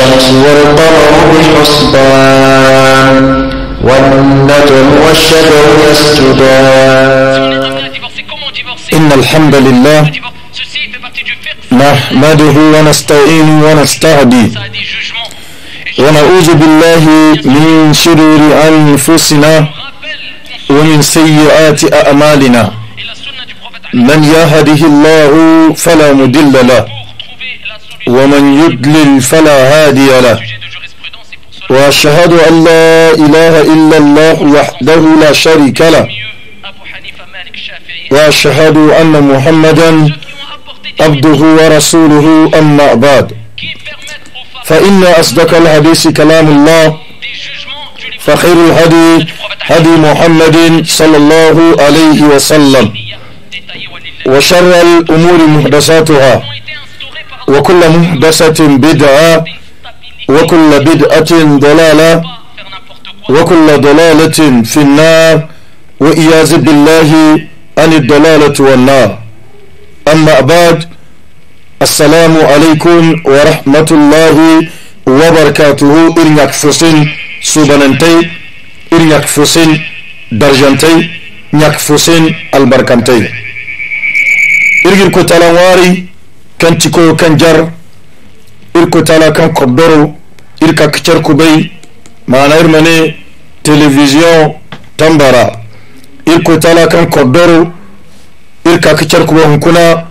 والشمس والقمر بحسبان والنجم والشجر يسجدان إن الحمد لله نحمده ونستعين ونستهدي ونعوذ بالله من شرور أنفسنا ومن سيئات أعمالنا من يهده الله فلا مدل له ومن يدلل فلا هادي له وأشهد أن لا إله إلا الله وحده لا شريك له وأشهد أن محمدا عبده ورسوله أما بعد فإن أصدق الحديث كلام الله فخير الهدي هدي محمد صلى الله عليه وسلم وشر الأمور محدثاتها وكل محدثة بدعة وكل بدعة ضلالة وكل ضلالة في النار وإياذ بالله عن الضلالة والنار أما بعد السلام عليكم ورحمة الله وبركاته إن فسن سبننتي إن فسن درجنتي نك فسن البركنتي إرنك تلواري kan cikoyo kan jar irko tala kan kobboro irka kicar kubai ma'ana irmane television tambara irko tala kan kobboro irka kicar kubai hunkuna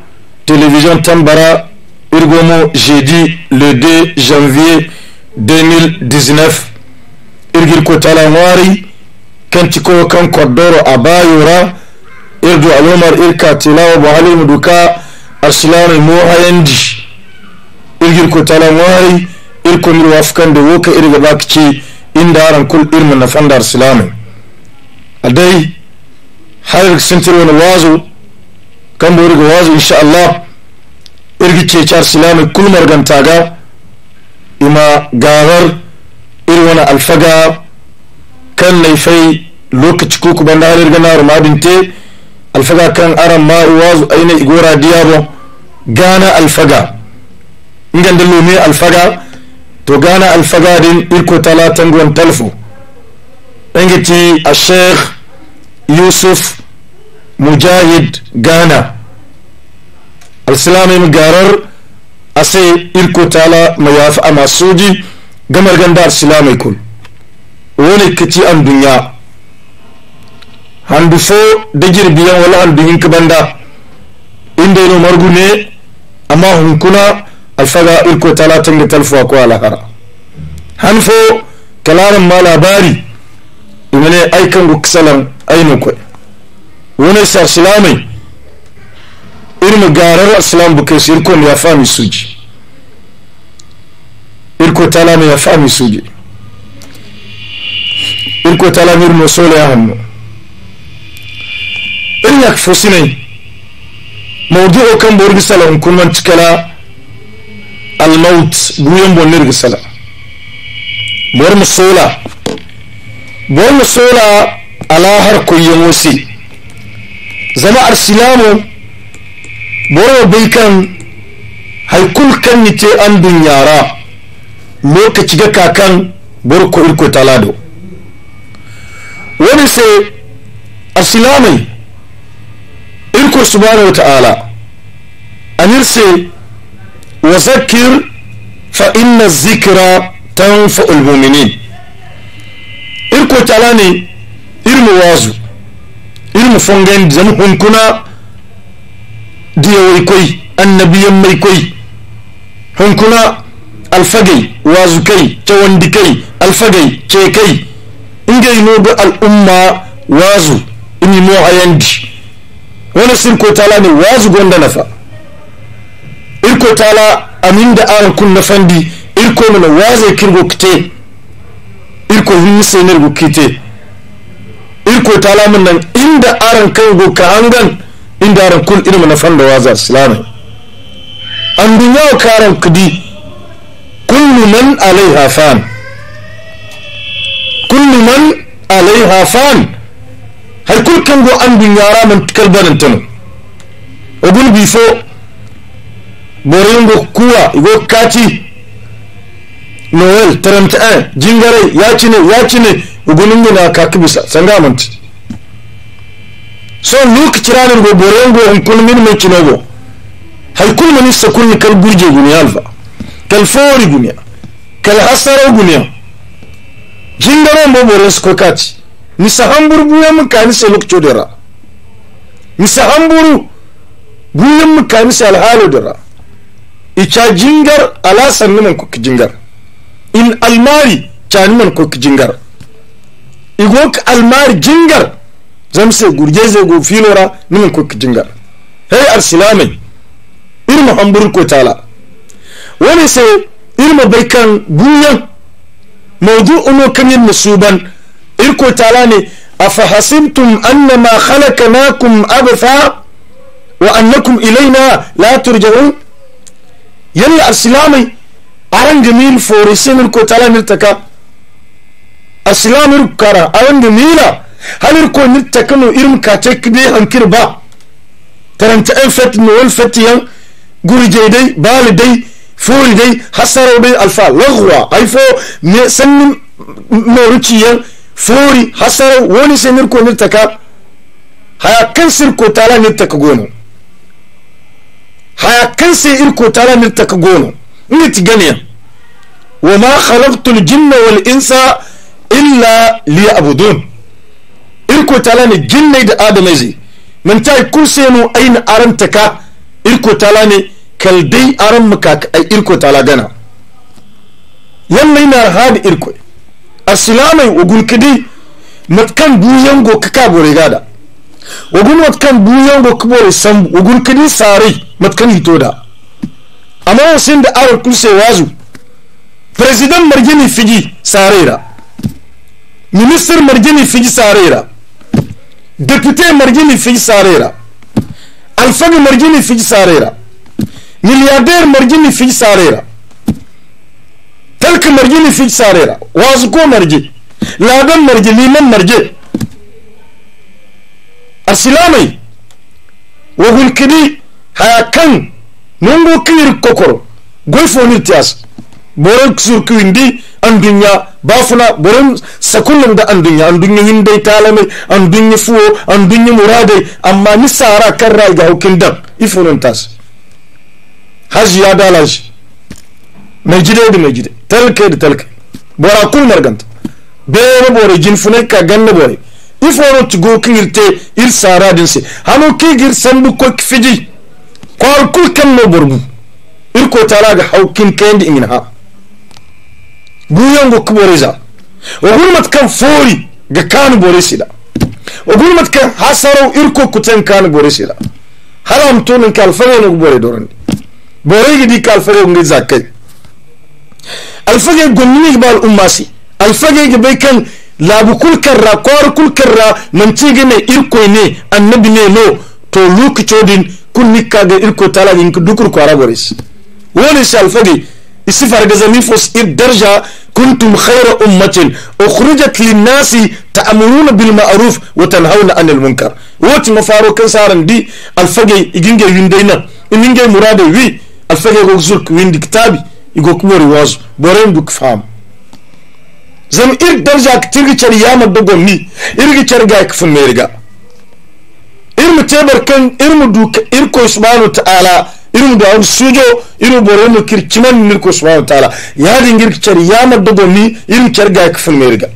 television tambara irgomo jeudi le 2 janvier 2019 irgir ko tala ngwari kan cikoyo kan kobboro a bayora irdu alomar irka tilawa buhari muduka arsilare mo hayandi irgir ko tala mo hay ir ko mir wafkan de woka irga bakci inda aran kul irma na fanda arsilame adai hayr sentir wani wazo kan da irga wazo insha Allah irgi ce ci arsilame kul margantaga ima ir wona alfaga kan laifai lokaci ko kuma da irga na binte. alfaga kan aran wazu aina igora diabo gana alfaga ingan da lume alfaga to gana alfaga din ilko talatan gwan talfo ɗan ci a sheikh yusuf mujahid gana alsilamin garar a sai irko tala mai yafi a masu ji gamar gandar silamai kun wani kici an duniya handu fo dagir biyan wala handu hinka banda inda ino margu ne amma hunkuna alfaga irko talatin da talfuwa ko alahara hanfo kalaran ma labari imane aikan gukisalan ainihin kwai wani sarsilamai irin garar islam bukai su irko ya fami suji irko talamai ya fami suji irko talamai irin wasu ya hannu iryak fosinai o kan borgi sala man tikala al maut guyen bonni nirgi sala bor mo sola bor mo sola ala har koyen wasi zama arsilamu o bai kan haikul kan ni te an dunyara yara lokaci ga kakan bor ko irko talado wani sai asilamai irko subhanahu wa ta'ala anirse wa zakir fa inna zikra tanfa'ul mu'minin irko tala ne irin wazu irin fongen zan hunkuna diyawai kwai annabiyan mai kwai hunkuna alfagai wazu kai cawandi kai alfagai ke kai yi nobe al'umma wazu ini mo hayandi wani sirko tala ne wazu na nafa irko tala amin da aron kun na fandi irko mana ya kirgo kite irko hin senar go kite irko tala mun nan inda aron kan go ka hangan inda aron kun irma na fanda waza silama an dunya karan kudi kullu man alaiha fan kullu man alaiha fan hay kul kango andu ñaranan kalbanantano ogun bi fo boringo kuwa go kati noel 31 jingare ya ya ci ci ne yacine yacine ogunungo na kakibisa sangamanti so go borengo kun min mencinogo hay kul mani sakunni kal gurje guniya alfa kal fori guniya kal hasaro guniya jingare mbo borensko kati misa hamburu buya mu kani se lokco dira misa hamburu buya mu kani se alhalo dira icha jingar ala sanni man kok jingar in almari cani man kok jingar igok almari jingar zamse gurjeze go filora niman kok jingar hey arsilamai irma hamburu ko tala wani sai irma baikan buyan mawdu'u no kan yin musuban irko tala ne a fahasimtum annama khalaqnakum abatha wa annakum ilaina la turja'un yalla aslamai arange mil fori sinir ko mil taka aslamir kara arange mila halir ko nit takano irim ka tek ba taranta en fet no en fet yan gurje dai bali dai fori dai hasaro dai alfa lagwa aifo me sannin me yan furi hasar wani sai nirko nirtaka haya kan sirko tala nirtaka gono haya kan sai irko tala nirtaka gono niti ganiya wa ma khalaqtul jinna wal insa illa abudun irko tala ne jinnai da adamai zai man ta kun aina aranta ka irko tala ne kaldai aran muka irko tala gana yannai na hadi irko asilamai ogun kidi matkan duyango kaka bore gada ogun matkan duyango kubore sambu ogun kidi sare matkan hitoda amma wasin da awar kulse wazu president margini fiji sarera minister margini fiji sarera député margini fiji sarera alfag margini fiji sarera milliardaire margini fiji sarera talka marje ne fi sarera wasu ko marje ladan marje liman marje arsilamai wa hulkidi haya kan nungu kiyar kokoro goy fonirtiyas boron surkuwindi an dunya bafuna boron sakullum da an dunya an dunya hindai talamai an dunya fuwo an dunya muradai amma ni sara kan rai ga hukin dan ifonirtiyas haji ya dalaji mai jide da mai jide talke da talke bora kul marganta bere bore jin funai ka ganna bore iforo tugo kingirte il sara dinse hanu kigir sambu ko fiji kwar kul kan no burbu irko tala ga haukin kendi ingin ha guyon go kuboreza wa hurmat kan fori ga kan boresida wa hurmat kan hasaro irko kutan kan boresida haram tunin kalfare no bore doran bore gidi kalfare ngi zakai alfage gonnini ba al'umma si alfage ga bai kan labu kulkarra kwar kulkarra manci ga ne irkoi ne annabi ne no to lokacodin kun nikka ga irko tala ga dukur kwara boris wani shi alfage isi farga zami fos ir darja kuntum khaira ummatin ukhrijat linnasi ta'muruna bil ma'ruf wa tanhauna 'anil munkar woti mafaro kan saran di alfage iginge windaina ininge murade wi alfage go zulk windi kitabi igo kumori wazu boren duk fam zam ir darja tirgi char yama dogo mi irgi ga meriga ir mu tebar kan ir mu duka ir ko subhanahu ta'ala ir mu da sujo ir mu boren mu ko subhanahu ta'ala ya dingir char yama dogo mi ir char ga kfun meriga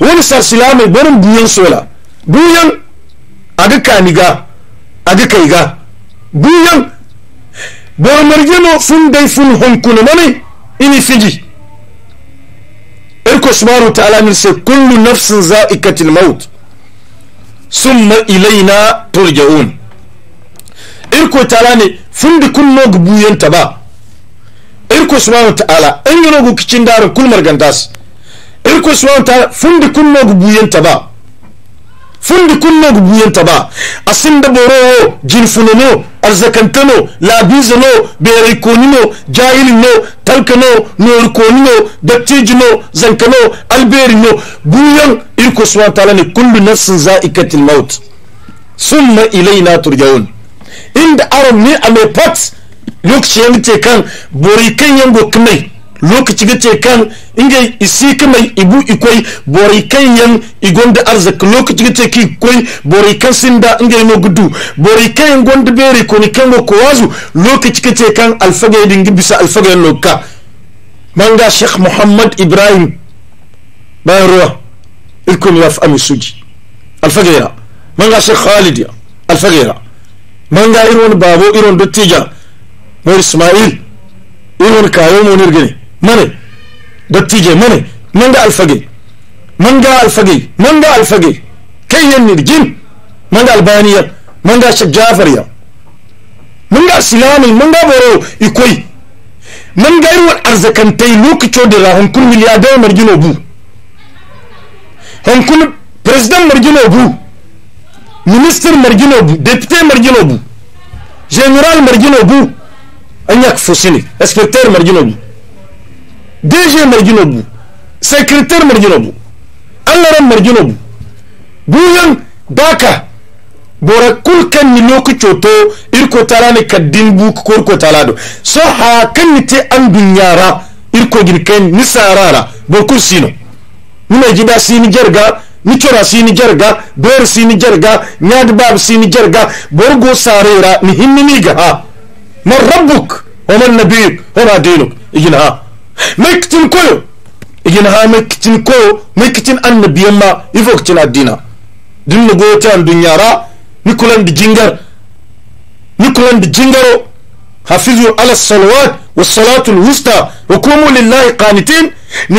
wani sar silame duyan sola duyan aga kaniga aga kaiga duyan bormarjeno fun day fun hunkuna mane ini fiji irko subhanahu ta'ala min sai kullu nafsin za'ikatil maut summa ilaina turja'un irko ta'ala ne kun fundi kunno gubuyenta ba irko subhanahu ta'ala an yi nogu kicin darin kulmar gandas irko subhanahu ta'ala fundi kunno gubuyenta ba fundi kunna gu buyenta ba a no borowo no arzakantano labizano no jahilino talkano zanka dattijino zankano alberino buyan irko subhana tala ne kullu nafsin zaikatil maut summa na turjaun inda aron ne ame pat lokaci yamite kan bori kan yango kimai lokaci ga ce kan inge isi kama ibu ikwai bori kan yan da arzik lokaci ga ce ki kwai bori kan sinda inge ino gudu bori kan yan bere beri koni kan go kowazu lokaci ga ce kan alfaga yadin bisa alfaga yan lokka manga shek muhammad ibrahim bayan ruwa irkun ya fi ami suji alfaga yara manga shek khalid ya alfaga yara manga irin wani babo irin dottija mai ismail irin kayo munir gani ma ne dattije mane man manga alfage man manga alfage man manga alfage kai yan nirgin manga albaniya manga shek jafar ya manga man manga boro ikoi man manga irwan arzakantai lokaco da rahonkun miliyadai margino bu hankun president margino bu ministre margino bu député margino bu général margino bu an yak ne inspecteur margino bu DG Marginobu secrétaire Marginobu allaran Marginobu buyan baka bora kulkan ni loku coto irko tala ne kaddin bu korko tala do so ha kan ni te an dunyara irko girken ni sarara bor kun sino ni mai jida sini jarga ni cora sini jarga bor sini jarga nyad bab sini jarga bor go sarera ni hinni ni ga ha man rabbuk wa man nabiyuk wa ma dinuk igina ha mektin koyo igin ha mektin koyo mektin annabiyan ma ifoktin addina din na gote an dun yara nikulan da jingar nikulan da jingaro hafizu ala salawat wa salatul wusta wa kumu lillahi qanitin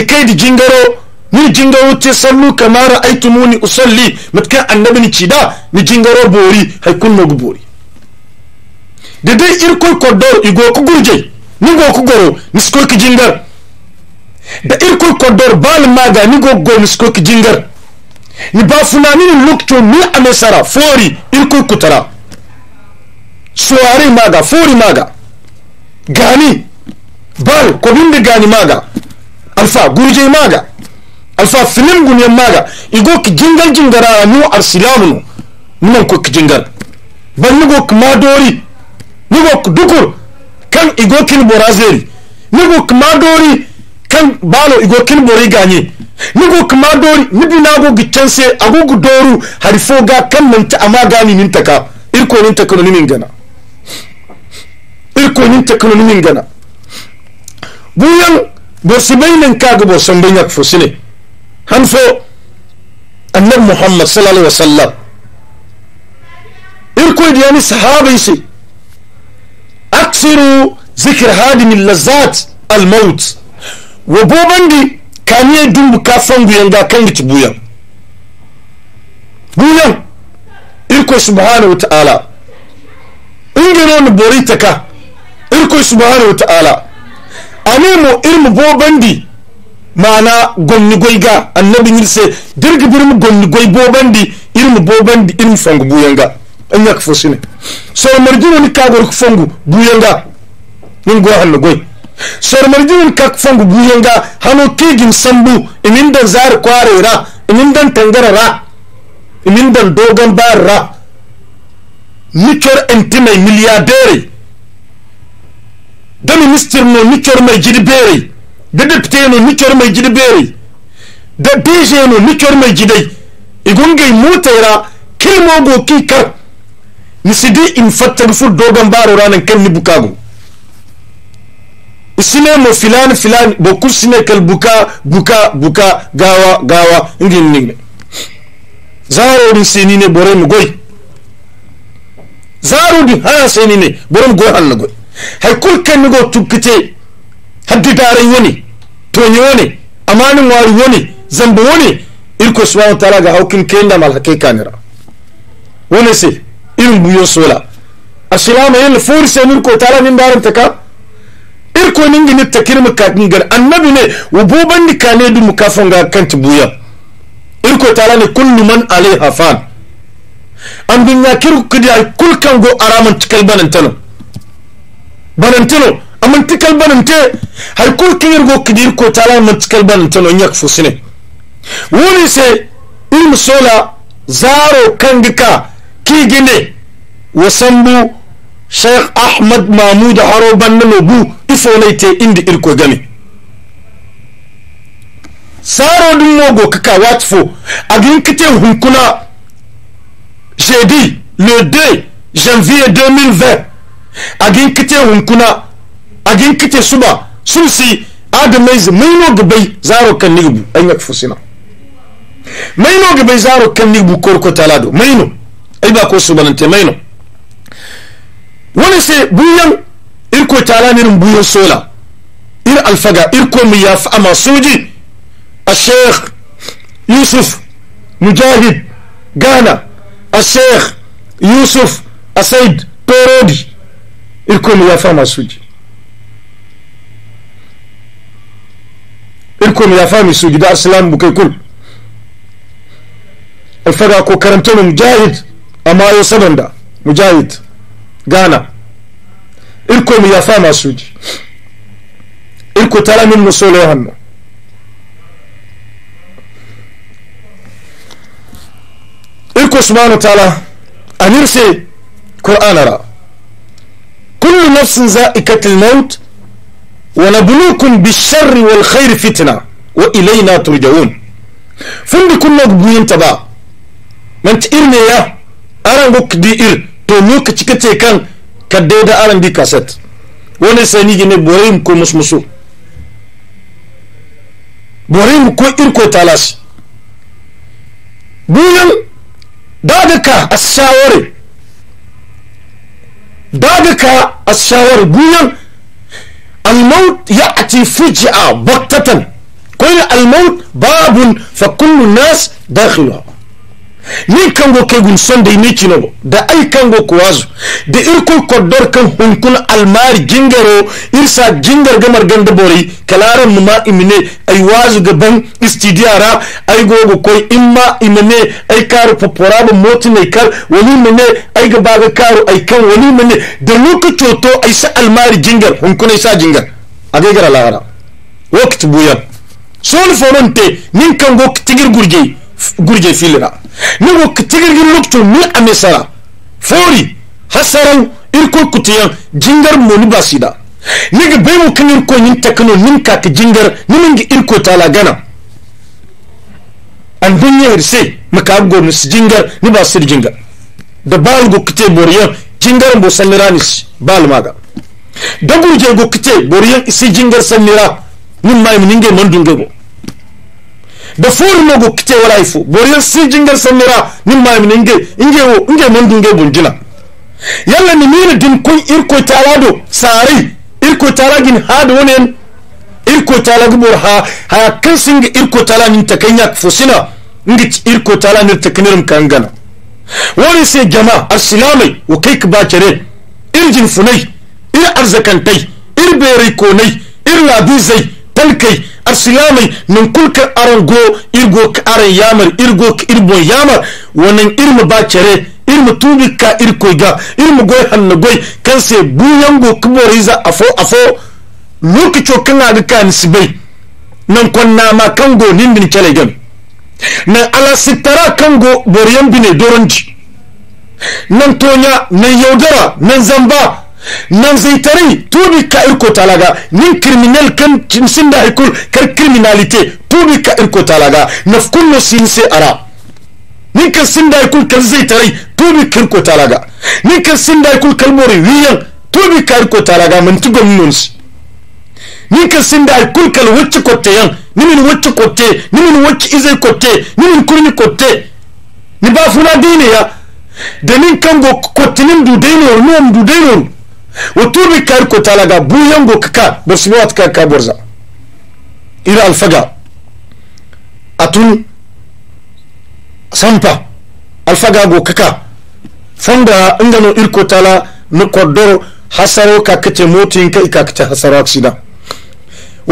kai da jingaro ni jingaro te sallu kamara aitumuni usalli matkan annabi ni cida ni jingaro bori hay kunno bori da dai irkoy kodor igo ku gurje ni go ku goro ni skoki jingar da irkul kodor bal maga ni go ni skok jingar ni ba funani ni lukto ni amesara fori irkul kutara suwari maga fori maga gani bal ko binde gani maga alfa gurje maga alfa film gunye maga igo ki jingal jingara nu arsilamu ni ko ki jingal ban ni go kuma dori ni go dukur kan igo kin borazeri ni go kuma dori san balo igo kin bori ganye ni go kuma dori ni bi na go gitense agogo doru harifo ga kan nan ta ama gani taka irko nin no nin gana irko nin no nin gana buyan borsi bainin kaga borsan banyak fosine hanso annab muhammad sallallahu alaihi wasallam irko di diyani sahabai sai aksiru zikr hadi min lazat al-maut wo bobandi kaniye dumbu ka fangu kangi kangici buyan buyan irko subhanahu ta'ala ingenoni ka irko subhanahu ta'ala anemo irmu bobandi mana gonni goyga annabi ñilse dirgi birmu gonni goy bobandi irmu bobandi irmu fangu buyanga añak fo sine so marjinoni kagor ko fangu buyanga min go hanno goy sormarjiwin kak fangu buyenga hano kegin sambu inin dan zar kwarera inin dan ra inin dan dogon barra nikor enti mai miliyadere da minister no nikor mai jidibere da depute no nikor mai jidibere da dj no nikor mai gidai igungai mutera kilmogo kikar nisidi in fattar fu dogon baro ranan kan ni isinemo filani filani boku sinekel buka buka buka gawa gawa ngin nigne zarori senine bore mu goy zarudi ha senine bore mu goy hanna goy hay kul kenni go tukkite haddi dare woni toñi woni amani ngwari woni zambo woni irko subhanahu wa ta'ala ga hawkin kenda mal hakikanira woni se irin buyo sola asilama yel forse nirko ta'ala min darantaka ir ko ningi ni takir mu kadin gar annabi ne wo boban ni kane du mu kafon ga kan tibuya buya irko tala ne kullu man alaiha fan an bin ya kir ku di kul kan go araman tikal banantano a amman tikal te hay kul kan ir go irko ko tala man tikal banantano nyak fusine woni se ilmu sola zaro kangika kigine wasambu sheikh ahmad mahmud haro bannano bu ifonayte indi irko gani saro dun mogo kaka watfo agin kite hunkuna jeudi le 2 janvier 2020 agin kite hunkuna agin kite suba sulsi adamaiz maino gabai zaro kan nigbu an yak fusina maino gabai zaro kan nigbu korko talado maino ai ba ko subanante maino wani se buyan irko tala nirin buyan sola ir alfaga irko mu ya fi ama soji a sheikh yusuf mujahid ghana a sheikh yusuf asaid torodi irko mu ya fi ama soji irko mu ya fi ama soji da asilam bukai kul alfaga ko karanta mu mujahid amma yau sabanda mujahid Ghana irko mi suji irko tala min no solo hanno irko subhanahu ta'ala anirse qur'ana ra kullu nafsin za'iqatul maut ونبلوكم بالشر والخير فتنة وإلينا ترجعون فندي كنا بنين تبا من تئرني يا أرى بك دي إر to lokaci ka ce kan ka daida R&B cassette wani sai ni gine borin ko musmuso borin ko irko talas buyan dadaka a shawari dadaka a shawari buyan الموت يأتي فجأة بغتة كل الموت باب فكل nas داخلها nin kango ke gun sonde ni kinogo da ai kango ko wazu da irkul koddor kan hunkun almari gingaro irsa gingar gamar ganda bori kalaran ma imine ai wazu gaban istidiyara ai gogo koi imma imine ai karu poporaba moti ne kar wani mene ai gaba ga karu ai kan wani mene da nuka coto ai sa almari gingar hunkun ai sa gingar a gaigara lahara wakit buyan sun fomente nin kango tigir gurgei gurje filira ni go kitigirgi lokto ni amesara fori hasarau irko kutiyan jingar moni basida ne ga bai mu kan irko yin takano nin ka ka jingar ne min ga irko tala gana an dunya hirse maka go ni jingar ni ba sir jingar da bal go kite boriyan jingar bo salliranis bal maga da gurje go kite boriyan isi jingar sallira nin mai min nge man dungego da fori mogo kite wala ifu boriyan si jingal samira nin ma min nge nge wo nge mon dunge bunjina yalla ni mina din kun irko talado sari irko talagin hadu wonen irko talag bor ha ha kan singa irko talanin takanya fusina ngi irko talanir taknirum kangana wani sai jama arsilamai wa kai ka bacere irjin funai ir arzakantai ir berikonai ir labizai talkai arsilamai nan kulka go irgo ka aran yamar irgo ka irbon yamar wannan irma ba cere irma tubi ka irko ga irma goy hanna goy kan se buyan go kuboriza afo afo lokaco kan na kan sibai nan kwanna ma kan go nindin kele gam nan ala sitara kan go boriyan bine doronji nan tonya nan yaudara nan zamba nanzaytani tuubi ka irko talaga nin criminel kan da ikul kar criminalité tuubi ka irko talaga nafkunno sinse ara nin kan da ikul kal zaytani tuubi ka irko talaga nin kan sinda ikul kal mori wiyan tuubi ka irko talaga mantigom nonsi nin kan da ikul kal wacce yan nimin wacce kotte nimin wacce izai kotte nimin kurni kotte ni ba funa dine ya da nin kan go kottinin dudainoru nuwam dudainoru وطوبي كاركو تالاغا بو ينغو كاكا برسميوات كاكا بورزا إلى الفقا أتون سامبا الفقا غو كاكا فندا اندنو إلكو تالا نقدر حسرو كاكتي موتي إنكا إكاكتي حسارو أكسيدا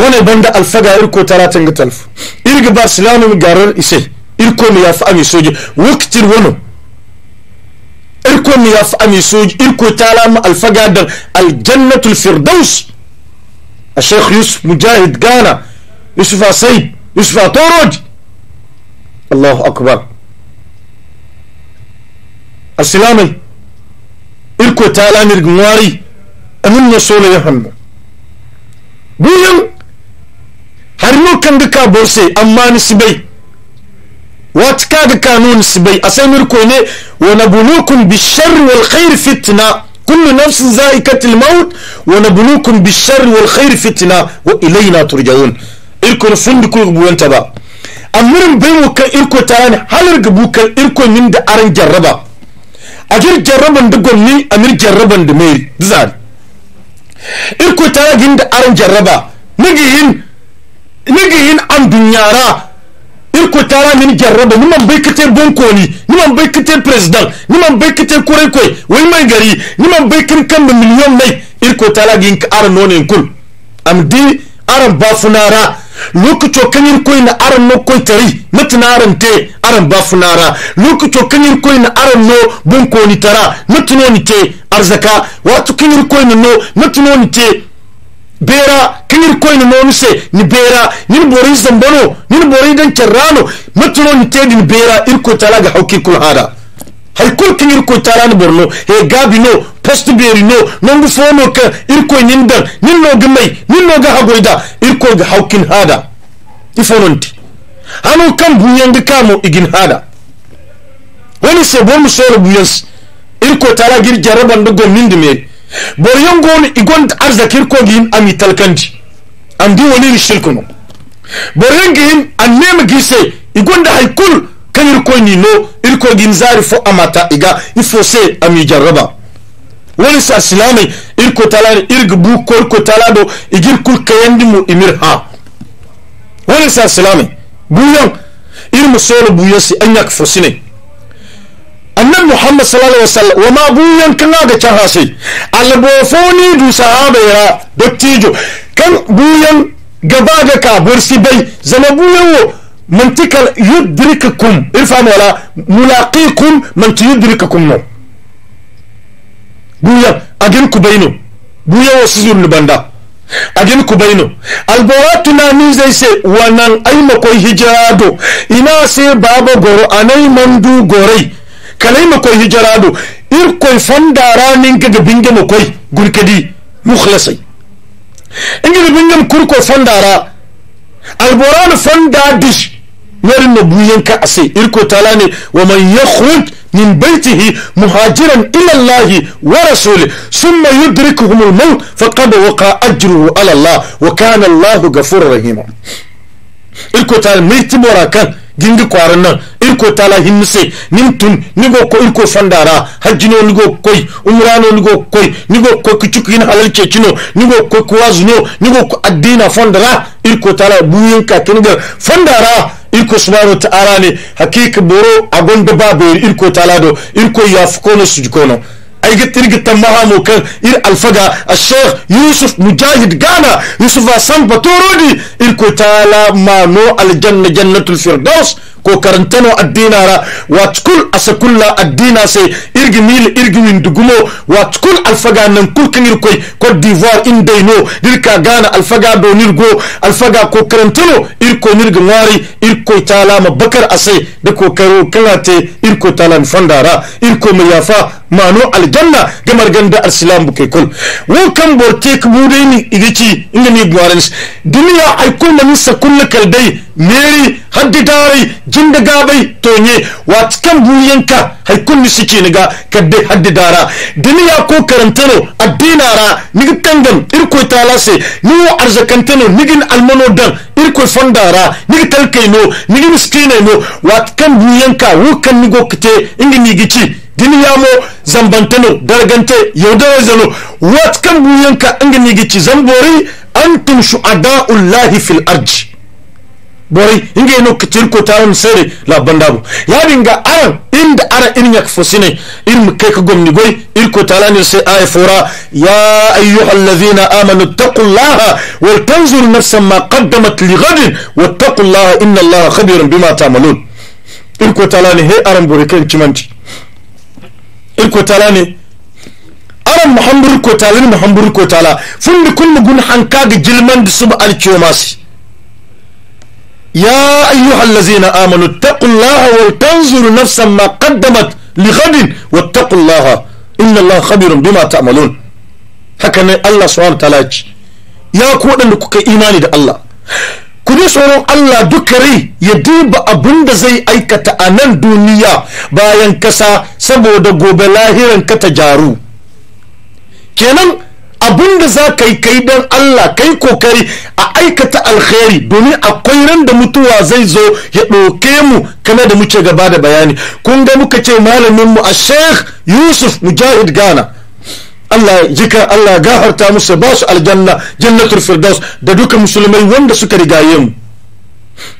wane banda alfaga irko talatin ga talfu irga ba silamin garar ise irko mai yafi ami soje wakitir wani irko mi yaf ami soj irko talam alfagadar aljannatul firdaus الشيخ يوسف مجاهد قانا يوسف عصيب يوسف عطورج الله أكبر السلام إركو تعلم إرقنواري أمن يسول يحن بيهم هرمو كان دكا بوسي أما نسبي wata kaga kanun su bai a sai mirko ne wa na bulukun bishar wal khair fitna kullu nafsin za'ikatil maut wa na bulukun bishar wal khair fitna wa ilaina turja'un irko ne ba amurin bai mu kan irko ta ne irko min da jarraba a jarraban da gwamni a mir jarraban zan irko ta ne jarraba nigihin nigihin an dunyara irko tara min jarraba niman bai kater bonkoni niman bai kater president niman bai kater kurai koi wai mai gari niman bai kin kan miliyon mai irko tara gin ka ara nonen kul am di aran bafunara lokaco kanir koi na aran no koi tari matina aran te aran bafunara lokaco kanir koi ni aran no bonkoni tara matino ni te arzaka watu kanir koi ni no matino ni te bera kinir koy no nonu se ni bera ni bori zambono ni bori dan kerrano matro ni tedi ni bera irko talaga hawkir kul hada hay kul kinir koy talan borno he gabi no post beri no nongu fono ka irko nin dan nin no gmai nin no ga hagoida irko ga hawkin hada ifononti hanu kam buyanga kamo igin hada wani se bor musoro buyans irko tala gir jaraban da gomin dimeri boryon gol igont arzakir ko gin ami talkanji am di woni shirkuno boryon gin annem gise da haykul kanir ko ni no ir ko gin zari fo amata iga ifo se ami jarraba woni sa silami ir ko talani ir bu kol ko talado igir kul kayandi mu imir ha woni sa silami buyon ir musolo buyasi anyak fosine annan muhammad sallallahu alaihi wasallam wa ma buyan kan ga can hase albofoni du sahaba ya dottijo kan buyan gaba ga ka bursi bai zama buyan wo mantikal yudrikukum irfam wala mulaqikum man yudrikukum no buyan agin ku baino buyan wo sizul banda agin ku baino albora tunanin zai se wannan ai makon hijado ina se baba goro anai mandu gorai kalai ma koy hijarado ir koy fondara nin ga binge ma koy gurkadi mukhlasai ingi bingam kur koy fandara alboran fonda dish yarin na buyen ka ase irko tala ne wa man yakhruj min baytihi muhajiran ila Allah wa rasulih thumma yudrikuhum al-maut faqad waqa ajruhu ala Allah wa kana Allah ghafurur rahim irko tala mai timora kan gingi kwaran nan irko tala hinse nim tun nigo ko irko fandara hajjino nigo koy umrano nigo koy nigo ko kicukin halal cecino nigo ko kuwazuno nigo ko addina fandara irko tala buyin ka kinga fandara irko subhanahu ta'ala ne hakika boro agonda babere irko tala do irko yafukono sujukono aygit irgitan mahamo ir alfaga asheikh yusuf mujahid gana yusuf asan batorodi irko tala mano aljanna jannatul firdaus ko karantano addinara kul asakulla addina se irgi mil irgi wat kul alfaga nan kulkangir koy cote d'ivoire indeyno dirka gana alfaga do nirgo alfaga ko karantano irko nirga ngari irko talama bakar ase da ko karo kalate irko talan fandara irko mayafa mano aljanna gamar ganda arsilam buke kul wo kan borte kmude ni igici inga ni duniya ay kullu min sakulla kaldai meri haddidari da gabai tonye wat kan buyanka haikun kunni sike niga kadde haddi dara ya ko karantano addinara nigi tangam irko talase niwo arzakantano nigin almano dan irko fandara nigi talkaino nigi miskinaino wat kan buyanka wukan nigo kite dini nigici mo zambantano dargante yaudara zano cikin buyinka inda ingi nigici zambori antum shu'ada'ullahi fil arji bori inga no kitir ko taron sere la bandabu ya binga aran inda ara irin yak fosine irin kai ka gomni gori ir ko talani sai ay fura ya ayyuhal ladhina amanu taqullaha wal tanzur nafsan ma qaddamat li ghadin wa wattaqullaha inna allaha khabirun bima ta'malun ir ko talani he aran bori kan cimanti ir ko talani aran muhammadu ko talani muhammadu ko tala fundi kullu gun hankaga jilman da suba alkiyomasi يا أيها الذين آمنوا اتقوا الله ولتنظر نفسا ما قدمت لغد واتقوا الله إن الله خبير بما تعملون هكذا الله سبحانه وتعالى يا كو imani da Allah ku ji tsoron Allah duka rai ya duba abin zai aikata a nan duniya bayan kasa saboda gobe lahiran ka ta kenan abinda za ka yi kai don Allah kai kokari a aikata alkhairi domin akwai ran da mutuwa zai zo ya ɗauke mu kana da muke gaba da bayani kun ga muka ce malamin mu a sheikh yusuf mujahid ghana Allah jika Allah gafarta musu ba su aljanna jannatul firdaus da duka musulmai wanda suka rigaye mu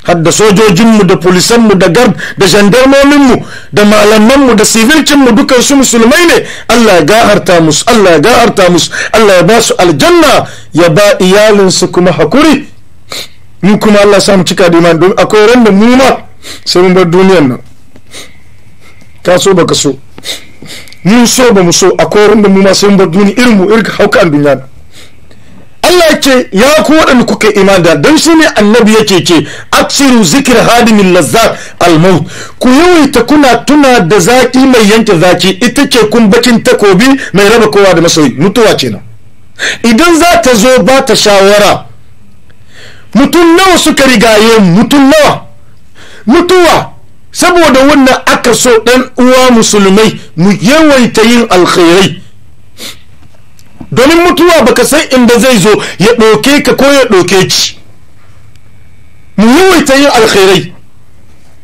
har da sojojinmu da polisanmu da gard da jandarmominmu da malamanmu da sivircinmu dukan su musulmai ne Allah ya gaharta musu Allah ya gaharta musu Allah ya ba su aljanna ya ba iyalinsu kuma hakuri mu kuma Allah samu cika da iman domin akwai ran da mu ma sai mun bar duniyan nan ka so baka so mun so ba mu so akwai ran da mu ma sai mun bar duniya irin mu irin hauka an duniya Allah ce ya ku waɗanda kuka imanda don shi ne annabi yake ce aksiru zikir hadimin lazzat almaut ku yawaita kuna tuna da zaki mai yanke zaki ita ce kun bakin takobi mai raba kowa da masoyi mutuwa ce nan idan za ta zo ba ta shawara mutum nawa suka rigaye mutum nawa mutuwa saboda wannan aka so ɗan uwa musulmai mu yawaita yin alkhairai domin mutuwa baka san inda zai zo ya ɗauke ka ko ya ɗauke ki mu yawaita yin alkhairai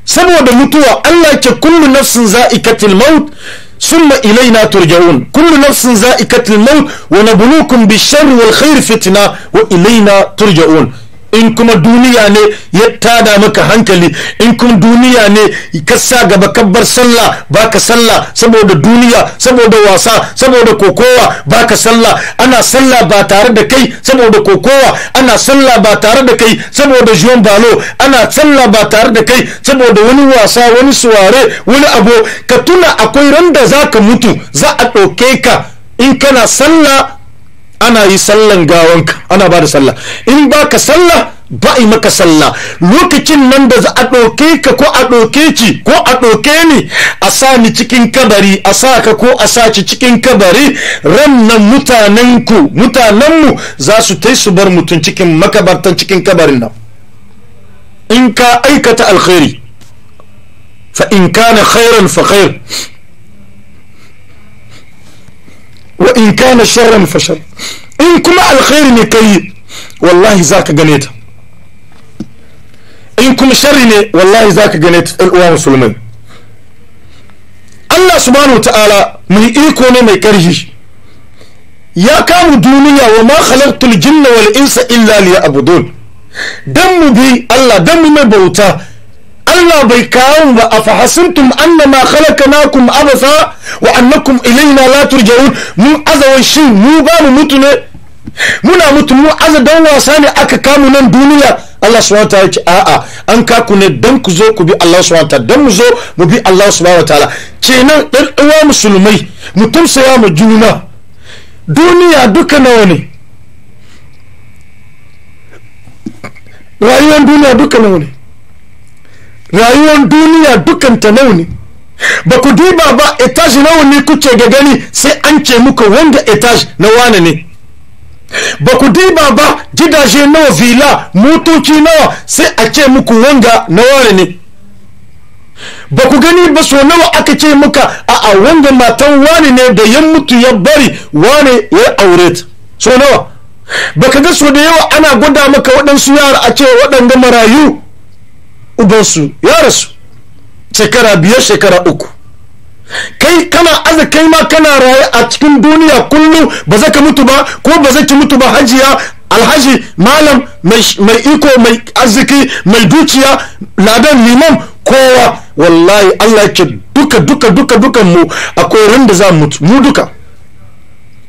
saboda mutuwa Allah ke kullu nafsin za'ikatil maut summa ilaina turja'un kullu nafsin za'ikatil maut wa nabluukum bish-sharri wal khair fitna wa ilaina turja'un in kuma duniya ne ya tada maka hankali in kuma duniya ne ka sa gaba kabbar sallah baka sallah saboda duniya saboda wasa saboda kokowa baka sallah ana sallah ba tare da kai saboda kokowa ana sallah ba tare da kai saboda juwan balo ana sallah ba tare da kai saboda wani wasa wani suware wani abu ka tuna akwai randa za ka mutu za a ɗauke ka in kana sallah ana yi sallan gawanka ana ba da sallah in ba ka sallah ba yi maka sallah lokacin nan da za a ɗauke ka ko a ɗauke ki ko a ɗauke ni a sa ni cikin kabari a sa ka ko a sa ci cikin kabari ran nan mutanenku mutanenmu za su tai su bar mutum cikin makabartan cikin kabarin nan in ka aikata alkhairi fa in kana khairan fa khair wa in kana sharran fa sharran. in kuma alkhairi ne kai wallahi za ka gane ta in kuma shari ne wallahi za ka gane ta uwa musulmai Allah subhanahu wa ta'ala mai iko ne mai ƙarfi ya kamu duniya wa ma khalaqtul jinna wal insa illa liya'budun dan mu bi Allah dan mu mai bauta Allah bai kawo ba a fahasuntum annama khalaqnakum abasa wa annakum ilayna la turja'un mun azawan shin mu ba mu mutu ne muna mutu mu aza dan wasa ne aka kamu nan duniya Allah subhanahu wataala ce a'a an ka ku ne dan ku zo ku bi Allah subhanahu wataala dan mu zo mu bi Allah subhanahu wataala kenan dan uwa musulmai mu tumsaya mu juna duniya duka nawa ne rayuwar duniya duka nawa ne rayuwar duniya dukan ta nauni ba ku diba ba etage nauni kuke ga gani sai an ce muka wanda etage na wane ne ba ku diba ba gidaje nawa villa motoci nawa sai a ce muku wanga na wane ne ba ku gani ba so nawa aka ce muka a a wanga matan wane ne da ya mutu ya bari wani ya aure ta so nawa ba ka ga so da yawa ana gwada maka waɗansu yara a ce waɗanda marayu ubansu ya rasu shekara biyar shekara uku kai kana aza kai ma kana raye a cikin duniya kullum ba za ka mutu ba ko ba zai ki mutu ba hajiya alhaji malam mai iko mai arziki mai dukiya ladan limam kowa wallahi allah ke duka duka duka dukan mu akwai koren da za mutu mu duka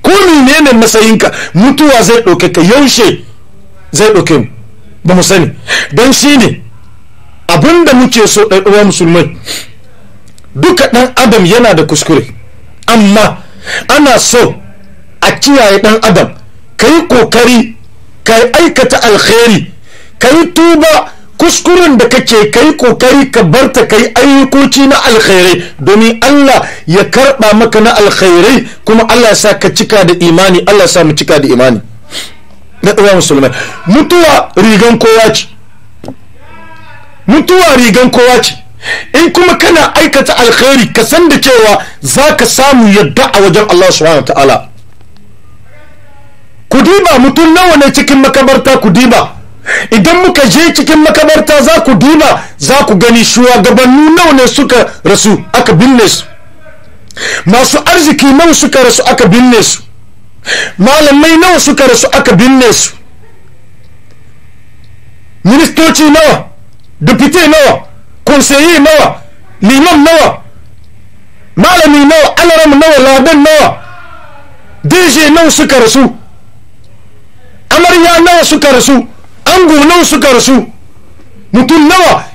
ko ne masayinka. mutuwa zai ɗauke ka yaushe zai ɗauke mu ba mu sani don shi ne abinda da muke so ɗan'uwa musulmai duka ɗan adam yana da kuskure amma ana so a kiyaye ɗan adam ka yi ƙoƙari ka yi aikata alkhairi ka yi tuba kuskuren da kake ka yi ƙoƙari ka barta ka yi ayyukoki na alkhairai domin allah ya karɓa maka na alkhairai kuma allah sa ka cika da imani allah sa mu cika da imani na musulmai mutuwa rigan kowa ce mutuwa rigan kowa ce in kuma kana aikata alkhairi ka san da cewa za ka samu yadda a wajen Allah subhanahu ta'ala ku diba mutum nawa ne cikin makabarta ku diba idan muka je cikin makabarta za ku duba za ku gani gabanu nawa ne suka rasu aka binne su masu arziki nawa suka rasu aka binne su malamai nawa suka rasu aka binne su ministoci nawa deputado nawa conseiller nawa liman nawa malami nawa alaram não, ladan nawa dj nawa suka rasu amarya não suka rasu ango nawa suka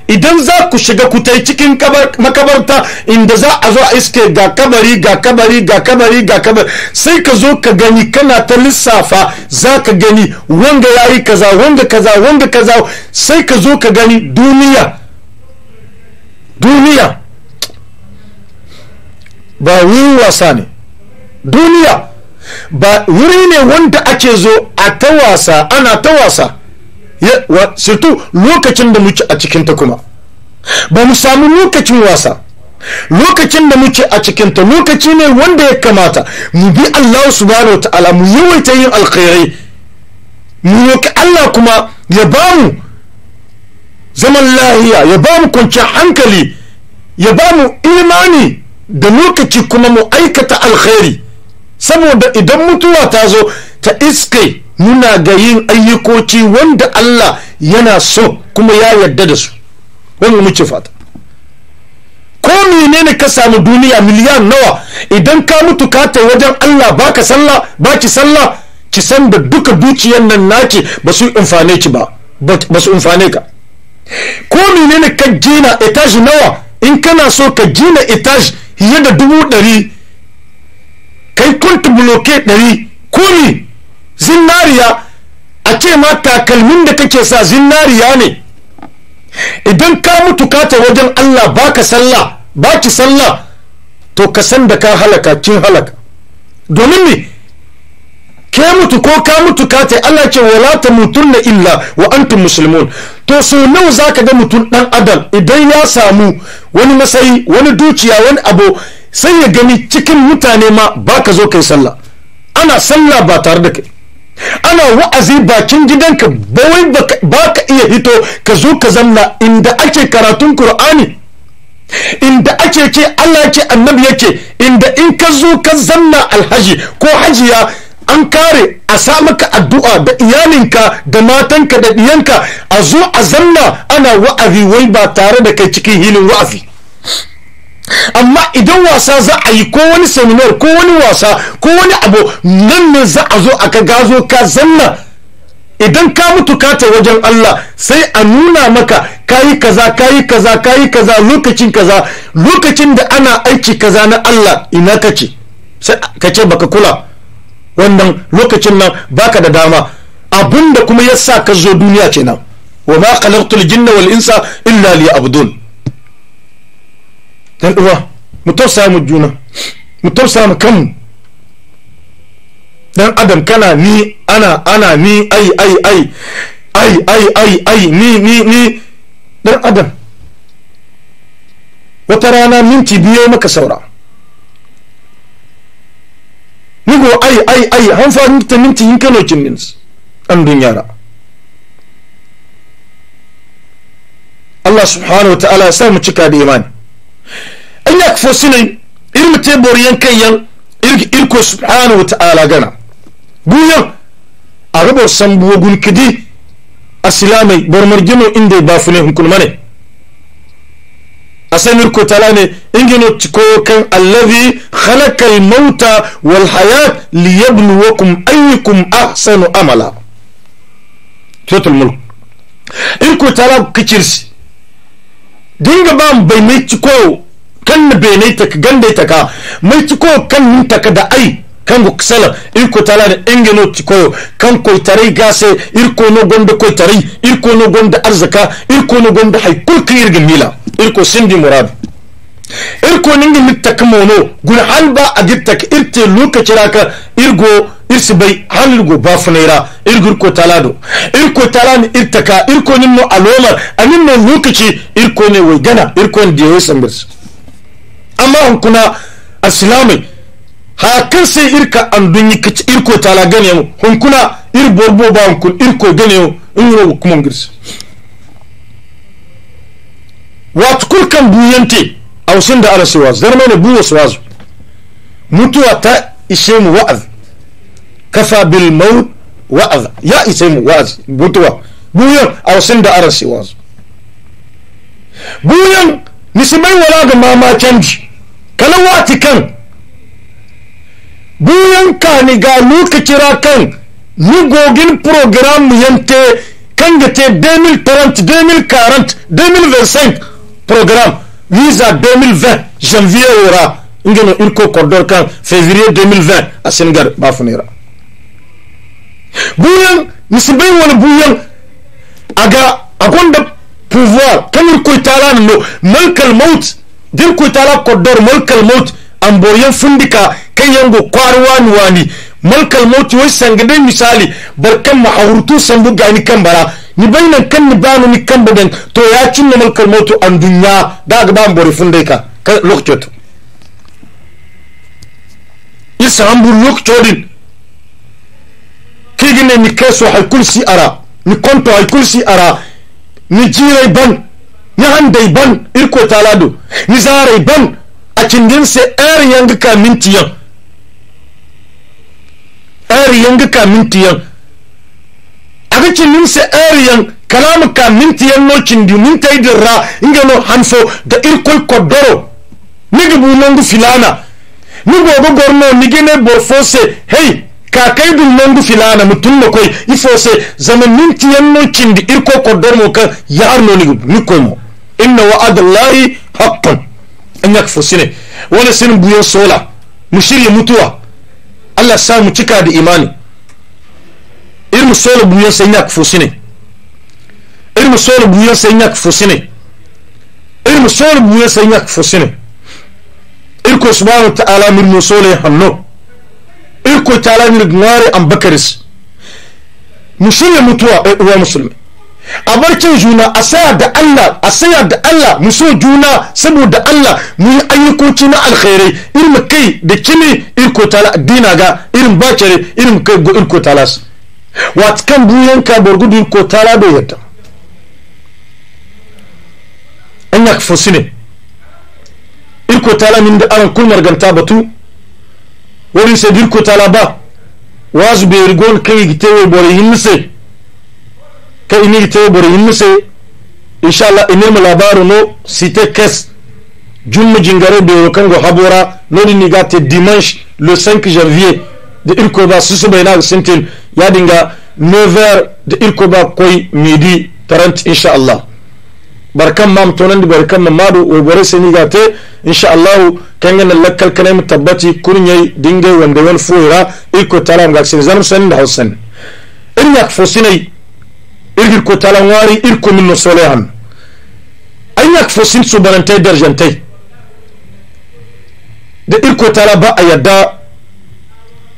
idan za ku shiga ku tai cikin makabarta inda za a zo a iske ga kabari ga kabari ga kabari ga kabari sai ka zo ka gani kana ta lissafa za ka gani wanga ya yi kaza wanga kaza wanga kaza sai ka zo ka gani duniya duniya ba wurin wasa ne duniya ba wuri ne wanda ake zo a ta wasa ana ta wasa lokacin da muke a cikinta kuma ba mu samu lokacin wasa lokacin da muke a cikinta lokaci ne wanda ya kamata mu bi Allah subhanahu wa ta'ala mu yawaita yin alkhairai mu roki Allah kuma ya ba mu zaman lahiya ya ba mu kwanciyar hankali ya ba mu imani da lokaci kuma mu aikata alkhairi saboda idan mutuwa ta zo ta iske muna ga yin ayyukoci wanda Allah yana so kuma ya yarda da su wanda muke fata ko menene ka samu duniya miliyan nawa idan ka mutu ka ta wajen Allah baka sallah baki sallah ki san da duka dukiyan nan naki ba su amfane ki ba ba su amfane ka ko menene ka gina etage nawa in kana so ka gina etage fiye da dubu ɗari kai kuntu bloke ɗari koni. zinariya a ce ma takalmin da kake sa zinariya ne idan ka mutu kata wajen Allah baka sallah baki sallah to ka san da ka halaka kin halaka domin ne ke mutu ko ka mutu ka ta Allah ce wala ta na illa wa antum muslimun to so nawa zaka ga mutum dan adam idan ya samu wani masayi wani dukiya wani abu sai ya gani cikin mutane ma baka zo kai sallah ana sallah ba tare da kai ana wa'azi bakin gidanka bawai ba ka iya hito ka zo ka zamna inda ake karatun Kur'ani inda ake ce Allah ke annabi yake inda in ka zo ka zamna alhaji ko hajiya an kare a sa maka addu'a da iyalinka da matanka da ɗiyanka a zo a ana wa'azi wai ba tare da kai cikin hilin wa'azi amma idan wasa za a yi ko wani seminar ko wani wasa ko wani abu nan ne za a zo aka gazo ka zanna idan ka mutu ka ta wajen Allah sai a nuna maka kayi kaza kayi kaza kayi kaza lokacin kaza lokacin da ana aiki kaza na Allah ina kace sai ka ce baka kula wannan lokacin nan baka da dama abinda kuma yasa ka zo duniya kenan wa ma khalaqtul jinna wal insa illa liya'budun dan uwa mu tausaya mu juna mu tausaya mu kanmu dan adam kana ni ana ana ni ai ai ai ai ai ai ai ni ni ni dan adam wata rana minti biyu maka saura nigo ai ai ai han fa ta minti yin kano kin min an dun yara Allah subhanahu wa ta'ala ya sa mu cika da imani ayak fo sinay irmite boriyan kan yan irko subhanahu wa ta'ala gana buyan a rabar san buwa gulkidi a silamai barmargino inda ba fune hunkun mane a san irko tala ne ingino ciko kan allazi khalaqal mauta wal hayat liyabluwakum ayyukum ahsanu amala total mulk irko tala kicirsi dinga ba bai mai ciko kan bene ta gande ta ka mai ciko kan nin ta ka da ai kan go ksala ir ko tala da engeno ciko kan ko tare gase ir ko no gonda ko tare ir ko no gonda arzaka ir ko no gonda hay kul kir gamila ir ko sindi murad ir ko ningi mitta kamono gun alba agitta irte lokacira ka irgo irsi bai halgo bafunaira irgur ko talado irko talani irtaka irko ninno alomar aninno lokaci irko ne wai gana irko ne da yayi sangarsu amma kuna arsilame ha sai irka andun yikaci irko tala ganemo hunkuna ir borbo ba hunkun irko yi inro kuma ngirsa watu kulkan buyante wasan da arasi wazu zarma ne buwa su wazu mutuwa ta ishe mu wa'az kafa bil maut wa'az ya ishe mu wa'az mutuwa buyan wasan da arasi wazu buyan nisimai wala ga mama canji kala wati kan buyan kani ga luka kira kan ni gogin program yante kan ga te 2030 2040 2025 program visa 2020 janvier wora ngeno irko kordor kan février 2020 a senegal bafunira buyan misibay wala buyan aga agonda pouvoir kan irko italano malkal maut dir ku tala kodor mulkal maut an boyen fundika kan yango kwarwa nuwani mulkal maut wai sangade misali barkan ma hawurtu sandu gani kan bara ni bainan kan ni banu ni kan badan to ya cinna mulkal maut an dunya da ga ban bore fundika ka lokcot isa an bur lokcodin kigine ni keso hay kulsi ara ni konto hay kulsi ara ni jirai ban ñahanday ban irko tala do nisaray ban acindin se heure yang ka mintiyan heure yang ka mintiyan aga cindin se heure yang kalam ka mintiyan no cindi inga no hanfo da irkol koddoro nigi bu nongu filana ni gogo gorno nigene bo fose hey kakai dun nongu filana mutun na koi ifose zaman yan no cindi irko koddoro mo kan yarno nigi ni koy mo إن وعد الله حق إنك فسنة ولا سن بيو صلاة مشير يمتوا الله سام متكا دي إيماني إرم صلاة بيو سينك فسنة إرم صلاة بيو سينك فسنة إرم صلاة بيو سينك فسنة إركو سبحانه وتعالى من مصولة حنو إركو تعالى من الجنار أم بكرس مشير يمتوا إيه، هو مسلم a barkin juna a saya da Allah a saya da Allah mu so juna saboda Allah mu yi ayyukoci na alkhairai irin kai da kimi irko tala dina ga irin bacere irin kai go irko talas wat kan buyanka borgudu irko tala do yadda anyak fosine irko tala min da aran kulmar ganta batu wani sai irko tala ba wazu be irgon kai gitewe bore sai. ka inigi tebore imuse inshallah inema labaru no site kes jumma jingare beero kango habora noni nigate dimanche le 5 janvier de irkoba susubaynaga sintin yadinga 9h de irkoba koy midi 30 inshallah barkan mam tonandi barkan na madu we bore senigate kan kangana lakkal kanayma tabbati kurnyay dingay wande wan foira irko taram gak sinzanam sanin hausan irnyak fosinay irhirko talanwari irko minno solehan anyak fosin su barante darjantai de irko tala ba a yadda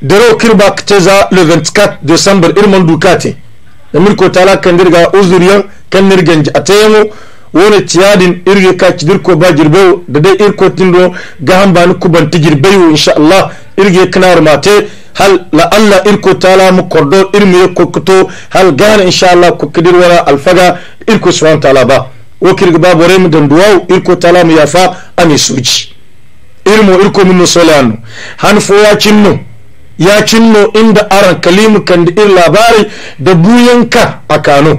dero kirba za le 24 december irman dukati da mirko tala kan dirga uzuriyan kan nirgan a tayamo wani tiyadin irge ka dirko ba da dai irko tindo ga hambani insha Allah irge kanar mate hal la alla irko tala mu kordo irmi kokuto hal gana insha Allah ku kidir wala alfaga irko subhanahu ta'ala ba wo kirga ba bore mu irko tala mu yafa ani suji irmo irko mun solanu han fo ya cinno ya cinno inda aran kalimu kandi da ir labari da buyanka a Kano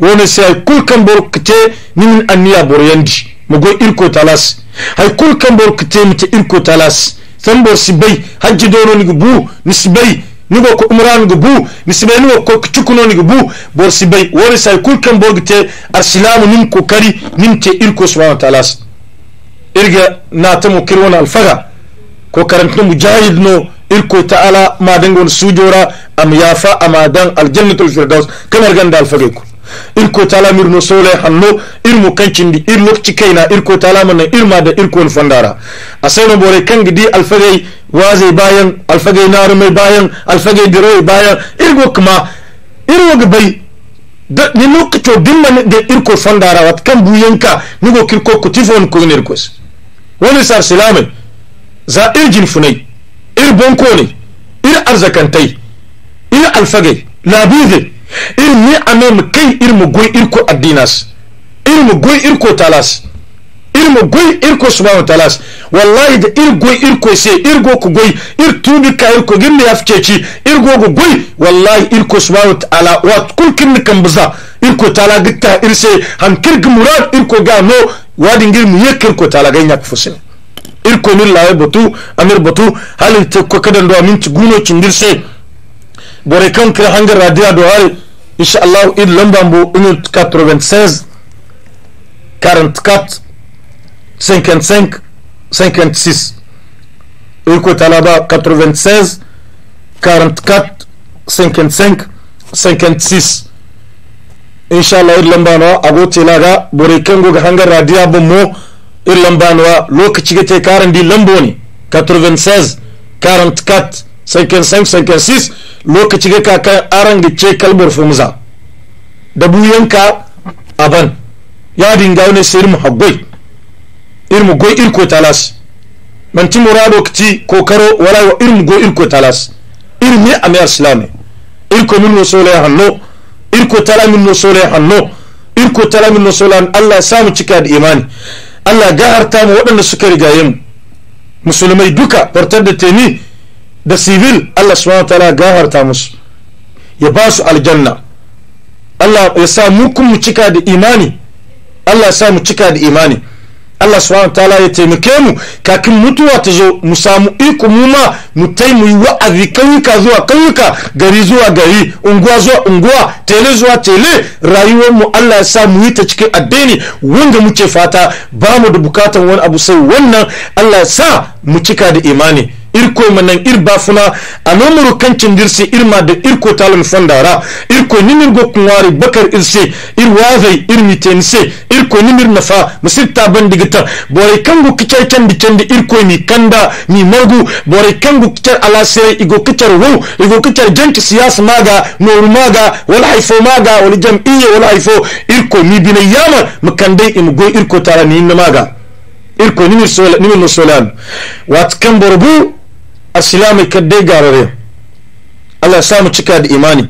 wani sai kulkan borkite nimin anniya boryandi mugo irko talas hay kulkan borkite mita irko talas tambo sibay hajji dono niga bu ni sibay nigo ko umra niga bu ni sibay nigo ko cukuno niga bu bor sibay wori say kulkan borgite arsilamu nim ko kari nim te irko subhanahu wa ta'ala irga natamo kirwona alfaga ko karantno mujahid no irko ta'ala madangon sujora am yafa amadan aljannatul firdaus kamar ganda alfagay ko irko talamir no sole hanno ir mu kancin di ir lokci kaina irko talaman na irma da irko wani fandara a sai no bore kan gidi alfagai waze bayan alfagai narumai bayan alfagai dirai bayan irgo kuma irwo bay da ni lokacin dimma da irko fandara wat kan buyanka go kirko kutifon ko kos. wani sar silamai za irjin funai ir bonko ne ir arzakantai ir alfage labize ir ni ame mi kai ir mi goy ir ko addinas ir mi goy ir ko talas ir mi goy ir ko subhanahu talas wallahi da ir goy irko ko se ir go ko goy ir tubi ka ir ko gimmi afkeci ir go go goy wallahi ir ko subhanahu taala wa kul kinni kan buza ir ko taala gitta ir se han kirgi murad ir ko ga no wadin girmi mu ir ko tala ga nyak fusin ir ko min laye batu amir butu halin te ko kadan do amin ci guno cindirse bore kan kira hangar radia do hal Inch'Allah, il Lambambo, 1h96, 44, 55, 56. Eko Talaba, 96, 44, 55, 56. Inch'Allah, il Lambano, Agotelaga, Borekengo, Gahanga, Radia, Bomo, il Lambano, Lokachigete, Karandi, Lamboni, 96, 44, 55-56 lokaci ga kaka aran gice kalmar fumza da buyanka aban ya dinga wani sai mu haggoi irmu goi irko talas manti murado kiti kokaro wala wa irmu goi irko talas irmi ame aslame irko min wasole hanno irko tala min wasole hanno irko tala min wasole Allah ya samu cika da imani Allah gaharta mu waɗanda suka rigaye mu musulmai duka fartar da teni da civil Allah subhanahu taala gafarta musu ya ba su aljanna Allah ya sa mu mu cika da imani Allah ya sa mu cika da imani Allah subhanahu taala ya taimake mu kakin mutuwa ta zo mu samu iko mu ma mu tai mu yi wa'azi kauyuka zuwa kanka gari zuwa gari unguwa zuwa unguwa tele zuwa tele rayuwar mu Allah ya sa mu yi ta cikin addini wanda muke fata ba mu da bukatan wani abu sai wannan Allah ya sa mu cika da imani irko manan ir bafuna anomoro kancin dirse ma da irko talam fondara irko nimir go kunwari bakar irse ir wazai ir mitense irko nimir nafa musir ban digita bore kangu kicar kendi kendi irko mi kanda mi morgu bore kangu kicar alasere igo kicar wo igo kicar janki siyasa maga noru maga wala haifo maga wala jam'iyya wala haifo irko mi bina yama makandai imgo irko tara ni maga irko nimir solan nimir no wat kan borbu asilami kadai garare Allah ya mu cika da imani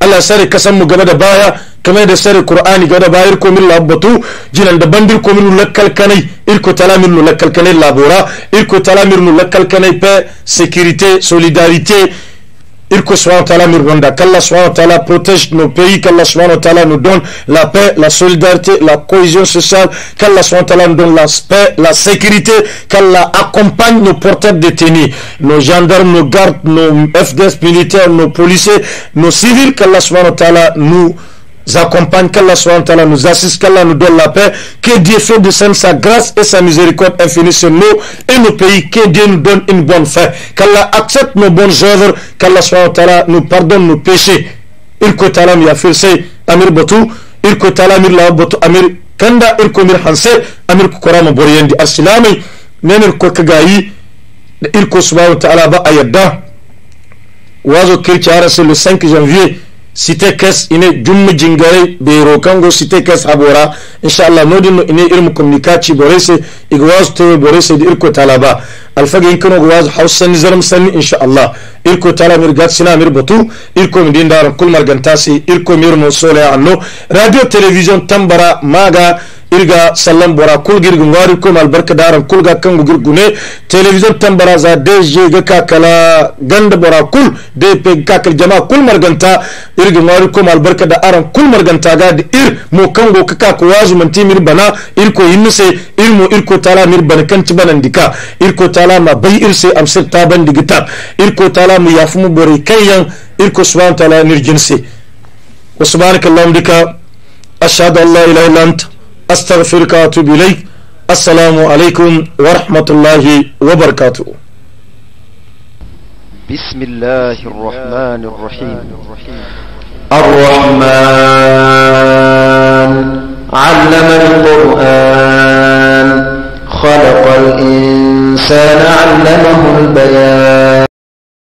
Allah ya sare kasan mu gaba da baya kamar da sare Qur'ani gaba da bayar ko min labbatu jinan da bandir ko min lakkal kanai irko talamir nu lakkal kanai labora irko talamir nu lakkal kanai pe sécurité solidarité Il soit Swantala Mirwanda, qu'Allah Allah protège nos pays, qu'Allah Allah nous donne la paix, la solidarité, la cohésion sociale, qu'Allah Swantala nous donne la paix, la sécurité, qu'Allah accompagne nos porteurs détenus, nos gendarmes, nos gardes, nos FDS militaires, nos policiers, nos civils, qu'Allah Swantala nous accompagne, qu'Allah soit nous assiste, qu'Allah nous donne la paix, que Dieu fait de sa grâce et sa miséricorde infinie sur nous et nos pays, que Dieu nous donne une bonne fin, qu'Allah accepte nos bonnes œuvres, qu'Allah soit nous pardonne nos péchés. irko talam ya filsay amir Botou, irko talam ir lawa batu amir kanda irko mir hanse amir ku korama boriyendi arsilamay nenir ko kagayi da irko subhanahu ta'ala ba a yadda wazo a arasi le 5 janvier site kes ine jummu jingare bero kango site kes habora inshallah nodinno ine irmu komunikaci borese iga wasu tewe borese di irko talaba alfaga yinkano ga wasu hausani zaram sanni inshallah irko tala mir gat sina mir batu irko mi din daran kulmar irko mir mo sole anno radio television tambara maga irga sallan bora kulga irga ngari kuma albarka daran kulga kangu girgune television tambara za deje ga kakala ganda bora kul de pe kakal jama kul marganta irga ngari kuma albarka da kul marganta ga da ir mo kangu kaka ko wazu manti mir bana irko hinnuse irmo irko tala mir bana kanci banan dika irko tala ma bai irse amsir ta ban digita irko tala mu yafu mu bore irko subhanahu wa ta'ala nirjinse wa subhanaka allahumma dika ashhadu an la ilaha illa anta أستغفرك وأتوب إليك السلام عليكم ورحمة الله وبركاته بسم الله الرحمن الرحيم الرحمن علم القرآن خلق الإنسان علمه البيان